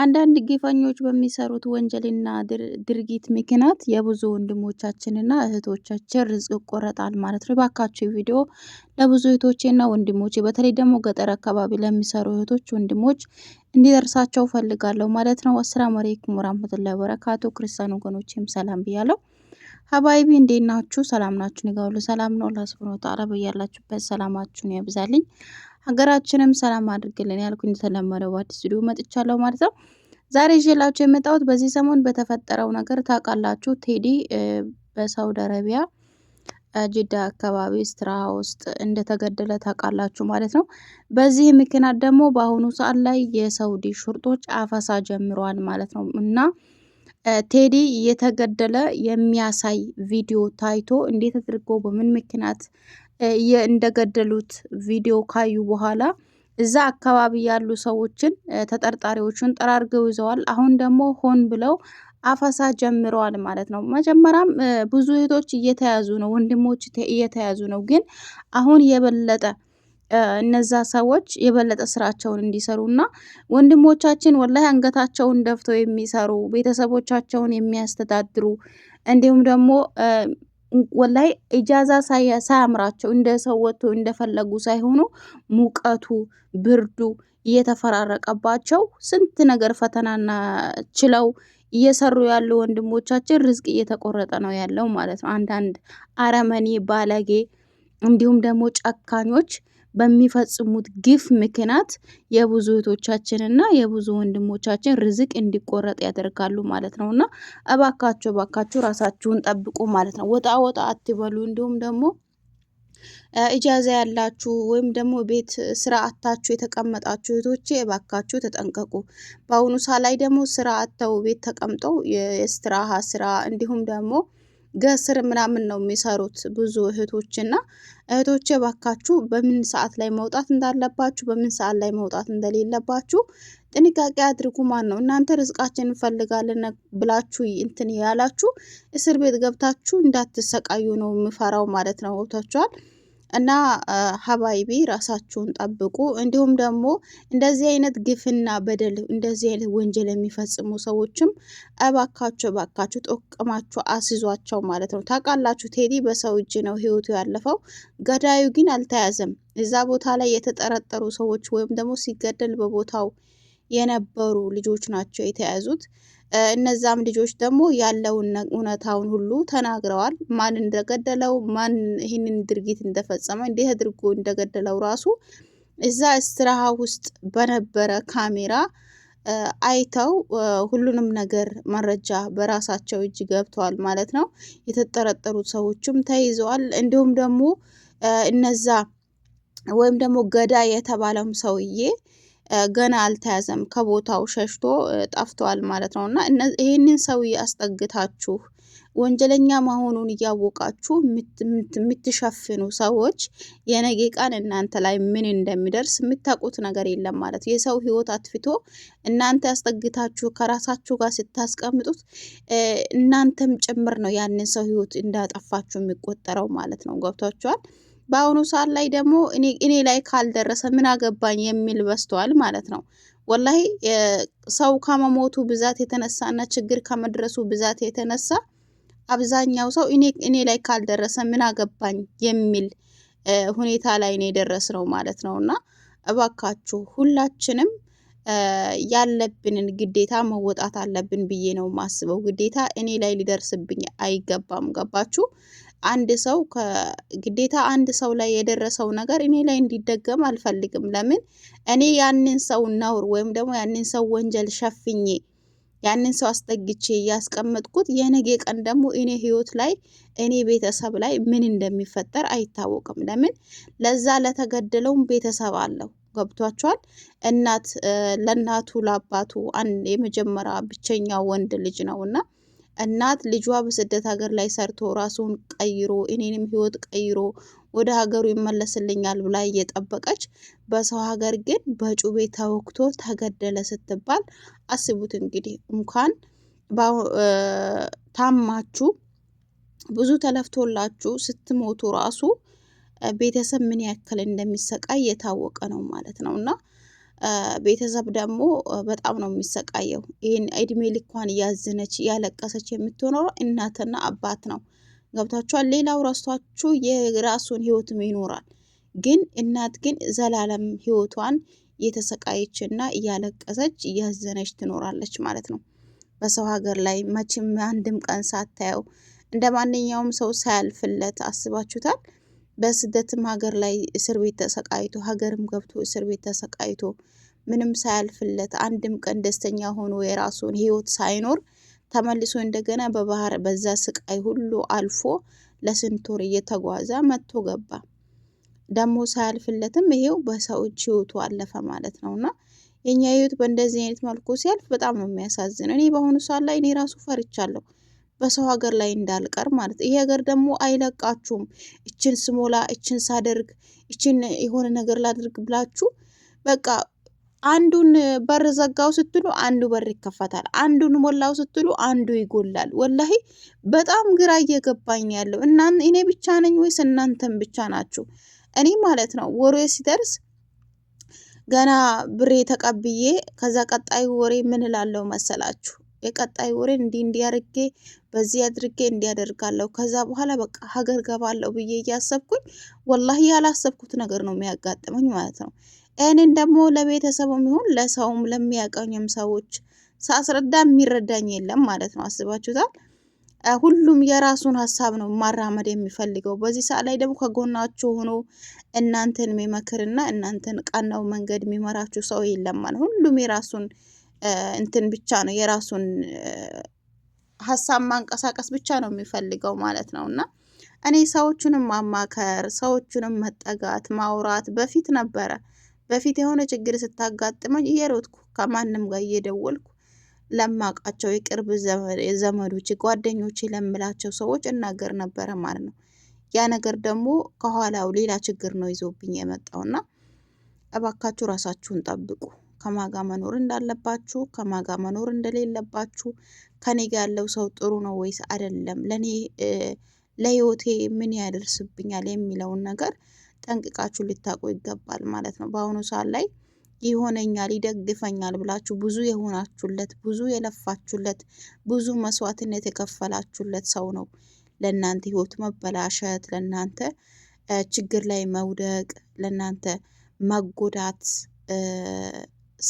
አንዳንድ ግፈኞች በሚሰሩት ወንጀልና ድርጊት ምክንያት የብዙ ወንድሞቻችንና እህቶቻችን ርዝቅ ይቆረጣል ማለት ነው። እባካችሁ ቪዲዮ ለብዙ እህቶቼና ወንድሞቼ በተለይ ደግሞ ገጠር አካባቢ ለሚሰሩ እህቶች ወንድሞች እንዲደርሳቸው ፈልጋለሁ ማለት ነው። አሰላሙ አለይኩም ወራህመቱላሂ ወበረካቱ። ክርስቲያን ወገኖቼም ሰላም ብያለሁ። ሀባይቢ እንዴት ናችሁ? ሰላም ናችሁ? እኔ ሰላም ነው። አላህ ሱብሃነሁ ወተዓላ በያላችሁበት ሰላማችሁን ያብዛልኝ። ሀገራችንም ሰላም አድርግልን ያልኩ እንደተለመደው በአዲስ ቪዲዮ መጥቻለሁ ማለት ነው። ዛሬ ይዤላችሁ የመጣሁት በዚህ ሰሞን በተፈጠረው ነገር ታውቃላችሁ፣ ቴዲ በሳውዲ አረቢያ ጅዳ አካባቢ ስራ ውስጥ እንደተገደለ ታውቃላችሁ ማለት ነው። በዚህ ምክንያት ደግሞ በአሁኑ ሰዓት ላይ የሳውዲ ሹርጦች አፈሳ ጀምረዋል ማለት ነው እና ቴዲ የተገደለ የሚያሳይ ቪዲዮ ታይቶ እንዴት አድርጎ በምን ምክንያት እንደገደሉት ቪዲዮ ካዩ በኋላ እዛ አካባቢ ያሉ ሰዎችን ተጠርጣሪዎቹን ጠራርገው ይዘዋል። አሁን ደግሞ ሆን ብለው አፈሳ ጀምረዋል ማለት ነው። መጀመሪያም ብዙ እህቶች እየተያዙ ነው፣ ወንድሞች እየተያዙ ነው። ግን አሁን የበለጠ እነዛ ሰዎች የበለጠ ስራቸውን እንዲሰሩ እና ወንድሞቻችን ወላሂ አንገታቸውን ደፍተው የሚሰሩ ቤተሰቦቻቸውን የሚያስተዳድሩ እንዲሁም ደግሞ ወላይ እጃዛ ሳያምራቸው እንደ ሰው ወጥቶ እንደፈለጉ ሳይሆኑ ሙቀቱ፣ ብርዱ እየተፈራረቀባቸው ስንት ነገር ፈተናና ችለው እየሰሩ ያሉ ወንድሞቻችን ርዝቅ እየተቆረጠ ነው ያለው ማለት ነው። አንዳንድ አረመኔ ባለጌ እንዲሁም ደግሞ ጨካኞች በሚፈጽሙት ግፍ ምክንያት የብዙ እህቶቻችንና የብዙ ወንድሞቻችን ርዝቅ እንዲቆረጥ ያደርጋሉ ማለት ነው እና እባካችሁ እባካችሁ ራሳችሁን ጠብቁ ማለት ነው። ወጣ ወጣ አትበሉ። እንዲሁም ደግሞ እጃዛ ያላችሁ ወይም ደግሞ ቤት ስራ አታችሁ የተቀመጣችሁ እህቶቼ እባካችሁ ተጠንቀቁ። በአሁኑ ሳ ላይ ደግሞ ስራ አተው ቤት ተቀምጠው የስትራሃ ስራ እንዲሁም ደግሞ ገስር ምናምን ነው የሚሰሩት ብዙ እህቶችና እህቶቼ ባካችሁ በምን ሰዓት ላይ መውጣት እንዳለባችሁ በምን ሰዓት ላይ መውጣት እንደሌለባችሁ ጥንቃቄ አድርጉ። ማን ነው እናንተ ርዝቃችን እንፈልጋለን ብላችሁ እንትን ያላችሁ እስር ቤት ገብታችሁ እንዳትሰቃዩ ነው የምፈራው ማለት ነው። ገብታችኋል። እና ሀባይቢ ራሳችሁን ጠብቁ። እንዲሁም ደግሞ እንደዚህ አይነት ግፍና በደል እንደዚህ አይነት ወንጀል የሚፈጽሙ ሰዎችም እባካችሁ እባካችሁ ጠቅማችሁ አስይዟቸው ማለት ነው። ታውቃላችሁ ቴዲ በሰው እጅ ነው ህይወቱ ያለፈው። ገዳዩ ግን አልተያዘም። እዛ ቦታ ላይ የተጠረጠሩ ሰዎች ወይም ደግሞ ሲገደል በቦታው የነበሩ ልጆች ናቸው የተያዙት። እነዛም ልጆች ደግሞ ያለውን እውነታውን ሁሉ ተናግረዋል። ማን እንደገደለው፣ ማን ይህንን ድርጊት እንደፈጸመ፣ እንዴት አድርጎ እንደገደለው ራሱ እዛ እስትራሃ ውስጥ በነበረ ካሜራ አይተው ሁሉንም ነገር መረጃ በራሳቸው እጅ ገብተዋል ማለት ነው። የተጠረጠሩት ሰዎችም ተይዘዋል። እንዲሁም ደግሞ እነዛ ወይም ደግሞ ገዳ የተባለም ሰውዬ ገና አልተያዘም፣ ከቦታው ሸሽቶ ጠፍቷል ማለት ነው እና ይህንን ሰውዬ አስጠግታችሁ ወንጀለኛ መሆኑን እያወቃችሁ የምትሸፍኑ ሰዎች የነገ ቀን እናንተ ላይ ምን እንደሚደርስ የምታውቁት ነገር የለም ማለት ነው። የሰው ሕይወት አትፍቶ እናንተ ያስጠግታችሁ ከራሳችሁ ጋር ስታስቀምጡት እናንተም ጭምር ነው ያንን ሰው ሕይወት እንዳጠፋችሁ የሚቆጠረው ማለት ነው። ገብቷችኋል? በአሁኑ ሰዓት ላይ ደግሞ እኔ ላይ ካልደረሰ ምን አገባኝ የሚል በስተዋል ማለት ነው። ወላሂ ሰው ከመሞቱ ብዛት የተነሳ እና ችግር ከመድረሱ ብዛት የተነሳ አብዛኛው ሰው እኔ ላይ ካልደረሰ ምን አገባኝ የሚል ሁኔታ ላይ ነው የደረስነው ማለት ነው። እና እባካችሁ ሁላችንም ያለብንን ግዴታ መወጣት አለብን ብዬ ነው ማስበው ግዴታ እኔ ላይ ሊደርስብኝ አይገባም። ገባችሁ? አንድ ሰው ግዴታ አንድ ሰው ላይ የደረሰው ነገር እኔ ላይ እንዲደገም አልፈልግም። ለምን እኔ ያንን ሰው ነውር ወይም ደግሞ ያንን ሰው ወንጀል ሸፍኜ ያንን ሰው አስጠግቼ እያስቀመጥኩት የነገ ቀን ደግሞ እኔ ህይወት ላይ እኔ ቤተሰብ ላይ ምን እንደሚፈጠር አይታወቅም። ለምን ለዛ ለተገደለውም ቤተሰብ አለው። ገብቷቸዋል። እናት ለእናቱ ለአባቱ የመጀመሪያ ብቸኛ ወንድ ልጅ ነው እና እናት ልጇ በስደት ሀገር ላይ ሰርቶ ራሱን ቀይሮ እኔንም ህይወት ቀይሮ ወደ ሀገሩ ይመለስልኛል ብላ እየጠበቀች በሰው ሀገር ግን በጩቤ ተወግቶ ተገደለ ስትባል አስቡት እንግዲህ እንኳን ታማችሁ ብዙ ተለፍቶላችሁ ስትሞቱ ራሱ ቤተሰብ ምን ያክል እንደሚሰቃይ የታወቀ ነው ማለት ነው እና ቤተሰብ ደግሞ በጣም ነው የሚሰቃየው። ይህን እድሜ ልኳን እያዘነች እያለቀሰች የምትኖረው እናትና አባት ነው። ገብታችኋል። ሌላው ረስቷችሁ የራሱን ህይወትም ይኖራል። ግን እናት ግን ዘላለም ህይወቷን እየተሰቃየች እና እያለቀሰች እያዘነች ትኖራለች ማለት ነው። በሰው ሀገር ላይ መቼም አንድም ቀን ሳታየው እንደ ማንኛውም ሰው ሳያልፍለት አስባችሁታል። በስደትም ሀገር ላይ እስር ቤት ተሰቃይቶ ሀገርም ገብቶ እስር ቤት ተሰቃይቶ ምንም ሳያልፍለት አንድም ቀን ደስተኛ ሆኖ የራሱን ህይወት ሳይኖር ተመልሶ እንደገና በባህር በዛ ስቃይ ሁሉ አልፎ ለስንት ወር እየተጓዘ መጥቶ ገባ። ደግሞ ሳያልፍለትም ይሄው በሰዎች ህይወቱ አለፈ ማለት ነው እና የኛ ህይወት በእንደዚህ አይነት መልኩ ሲያልፍ በጣም ነው የሚያሳዝነው። እኔ በአሁኑ ሰዓት ላይ እኔ ራሱ ፈርቻለሁ። በሰው ሀገር ላይ እንዳልቀር ማለት ይሄ ሀገር ደግሞ አይለቃችሁም። እችን ስሞላ፣ እችን ሳደርግ፣ እችን የሆነ ነገር ላድርግ ብላችሁ በቃ አንዱን በር ዘጋው ስትሉ አንዱ በር ይከፈታል። አንዱን ሞላው ስትሉ አንዱ ይጎላል። ወላሂ በጣም ግራ እየገባኝ ያለው እና እኔ ብቻ ነኝ ወይስ እናንተም ብቻ ናችሁ? እኔ ማለት ነው ወሬ ሲደርስ ገና ብሬ ተቀብዬ ከዛ ቀጣይ ወሬ ምን እላለሁ መሰላችሁ? የቀጣይ ወሬ እንዲህ እንዲያርጌ በዚህ አድርጌ እንዲያደርጋለሁ ከዛ በኋላ በቃ ሀገር ገባለሁ ብዬ እያሰብኩኝ ወላሂ ያላሰብኩት ነገር ነው የሚያጋጥመኝ ማለት ነው። እኔን ደግሞ ለቤተሰቡም ይሁን ለሰውም ለሚያቀኝም ሰዎች ሳስረዳ የሚረዳኝ የለም ማለት ነው። አስባችሁታል? ሁሉም የራሱን ሀሳብ ነው ማራመድ የሚፈልገው። በዚህ ሰዓት ላይ ደግሞ ከጎናችሁ ሆኖ እናንተን የሚመክርና እናንተን ቀናው መንገድ የሚመራችሁ ሰው የለም ማለት ሁሉም የራሱን እንትን ብቻ ነው የራሱን ሀሳብ ማንቀሳቀስ ብቻ ነው የሚፈልገው ማለት ነው እና እኔ ሰዎቹንም ማማከር ሰዎቹንም መጠጋት ማውራት በፊት ነበረ። በፊት የሆነ ችግር ስታጋጥመኝ እየሮጥኩ ከማንም ጋር እየደወልኩ ለማውቃቸው የቅርብ ዘመዶች፣ ጓደኞች ለምላቸው ሰዎች እናገር ነበረ ማለት ነው። ያ ነገር ደግሞ ከኋላው ሌላ ችግር ነው ይዞብኝ የመጣውና እባካችሁ ራሳችሁን ጠብቁ። ከማጋ መኖር እንዳለባችሁ ከማጋ መኖር እንደሌለባችሁ ከኔ ጋር ያለው ሰው ጥሩ ነው ወይስ አይደለም፣ ለእኔ ለህይወቴ ምን ያደርስብኛል የሚለውን ነገር ጠንቅቃችሁ ልታውቁ ይገባል ማለት ነው። በአሁኑ ሰዓት ላይ ይሆነኛል ይደግፈኛል ብላችሁ ብዙ የሆናችሁለት ብዙ የለፋችሁለት ብዙ መስዋዕትን የከፈላችሁለት ሰው ነው ለእናንተ ህይወት መበላሸት፣ ለእናንተ ችግር ላይ መውደቅ፣ ለእናንተ መጎዳት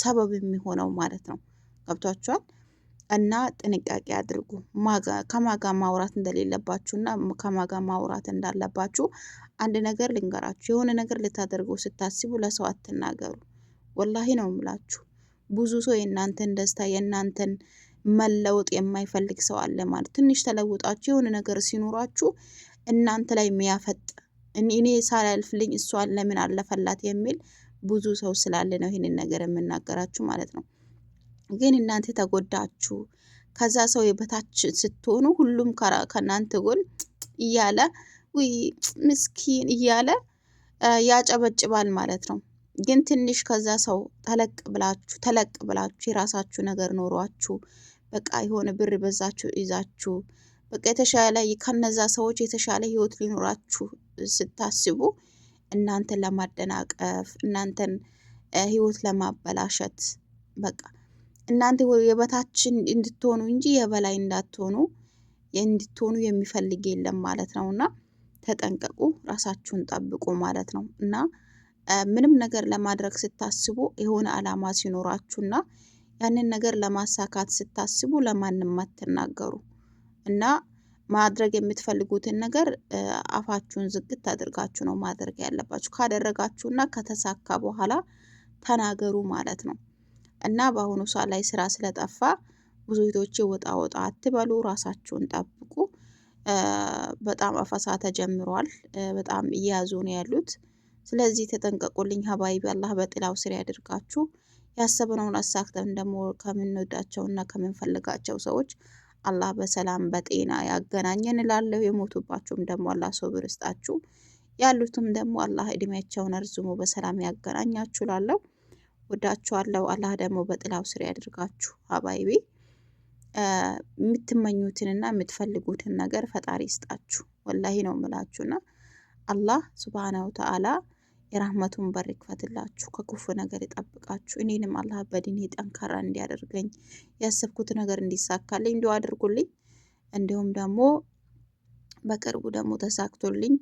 ሰበብ የሚሆነው ማለት ነው። ገብቷችኋል? እና ጥንቃቄ አድርጉ። ከማጋ ማውራት እንደሌለባችሁ እና ከማጋ ማውራት እንዳለባችሁ አንድ ነገር ልንገራችሁ። የሆነ ነገር ልታደርገው ስታስቡ ለሰው አትናገሩ። ወላሂ ነው የምላችሁ። ብዙ ሰው የእናንተን ደስታ የእናንተን መለወጥ የማይፈልግ ሰው አለ ማለት ትንሽ ተለውጣችሁ የሆነ ነገር ሲኖራችሁ እናንተ ላይ የሚያፈጥ እኔ ሳላልፍልኝ እሷን ለምን አለፈላት የሚል ብዙ ሰው ስላለ ነው ይህንን ነገር የምናገራችሁ ማለት ነው። ግን እናንተ ተጎዳችሁ ከዛ ሰው የበታች ስትሆኑ ሁሉም ከእናንተ ጎን እያለ ውይ ምስኪን እያለ ያጨበጭባል ማለት ነው። ግን ትንሽ ከዛ ሰው ተለቅ ብላችሁ ተለቅ ብላችሁ የራሳችሁ ነገር ኖሯችሁ በቃ የሆነ ብር በዛችሁ ይዛችሁ በቃ የተሻለ ከነዛ ሰዎች የተሻለ ህይወት ሊኖራችሁ ስታስቡ እናንተን ለማደናቀፍ፣ እናንተን ህይወት ለማበላሸት በቃ እናንተ የበታችን እንድትሆኑ እንጂ የበላይ እንዳትሆኑ እንድትሆኑ የሚፈልግ የለም ማለት ነው። እና ተጠንቀቁ፣ ራሳችሁን ጠብቁ ማለት ነው። እና ምንም ነገር ለማድረግ ስታስቡ የሆነ አላማ ሲኖራችሁና ያንን ነገር ለማሳካት ስታስቡ ለማንም አትናገሩ እና ማድረግ የምትፈልጉትን ነገር አፋችሁን ዝግት አድርጋችሁ ነው ማድረግ ያለባችሁ። ካደረጋችሁና ከተሳካ በኋላ ተናገሩ ማለት ነው እና በአሁኑ ሰዓት ላይ ስራ ስለጠፋ ብዙ ሂቶቼ ወጣ ወጣ አትበሉ፣ ራሳችሁን ጠብቁ። በጣም አፈሳ ተጀምሯል። በጣም እያያዙ ነው ያሉት። ስለዚህ ተጠንቀቁልኝ ሀባይቢ። አላህ በጥላው ስር ያድርጋችሁ። ያሰብነውን አሳክተን ደግሞ ከምንወዳቸውና ከምንፈልጋቸው ሰዎች አላህ በሰላም በጤና ያገናኘን እላለሁ። የሞቱባችሁም ደግሞ አላህ ሶብር ይስጣችሁ፣ ያሉትም ደግሞ አላህ እድሜያቸውን እርዝሞ በሰላም ያገናኛችሁ እላለሁ። ወዳችኋለሁ። አላህ ደግሞ በጥላው ስር ያድርጋችሁ። ሀባይቢ የምትመኙትንና የምትፈልጉትን ነገር ፈጣሪ ይስጣችሁ። ወላሂ ነው ምላችሁና አላህ ስብሃነሁ ተዓላ የራህመቱን በር ይክፈትላችሁ፣ ከክፉ ነገር ይጠብቃችሁ። እኔንም አላህ በዲኔ ጠንካራ እንዲያደርገኝ ያሰብኩት ነገር እንዲሳካልኝ እንዲሁ አድርጉልኝ። እንዲሁም ደግሞ በቅርቡ ደግሞ ተሳክቶልኝ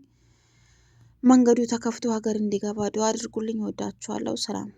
መንገዱ ተከፍቶ ሀገር እንዲገባ ዱአ አድርጉልኝ። ወዳችኋለሁ። ሰላም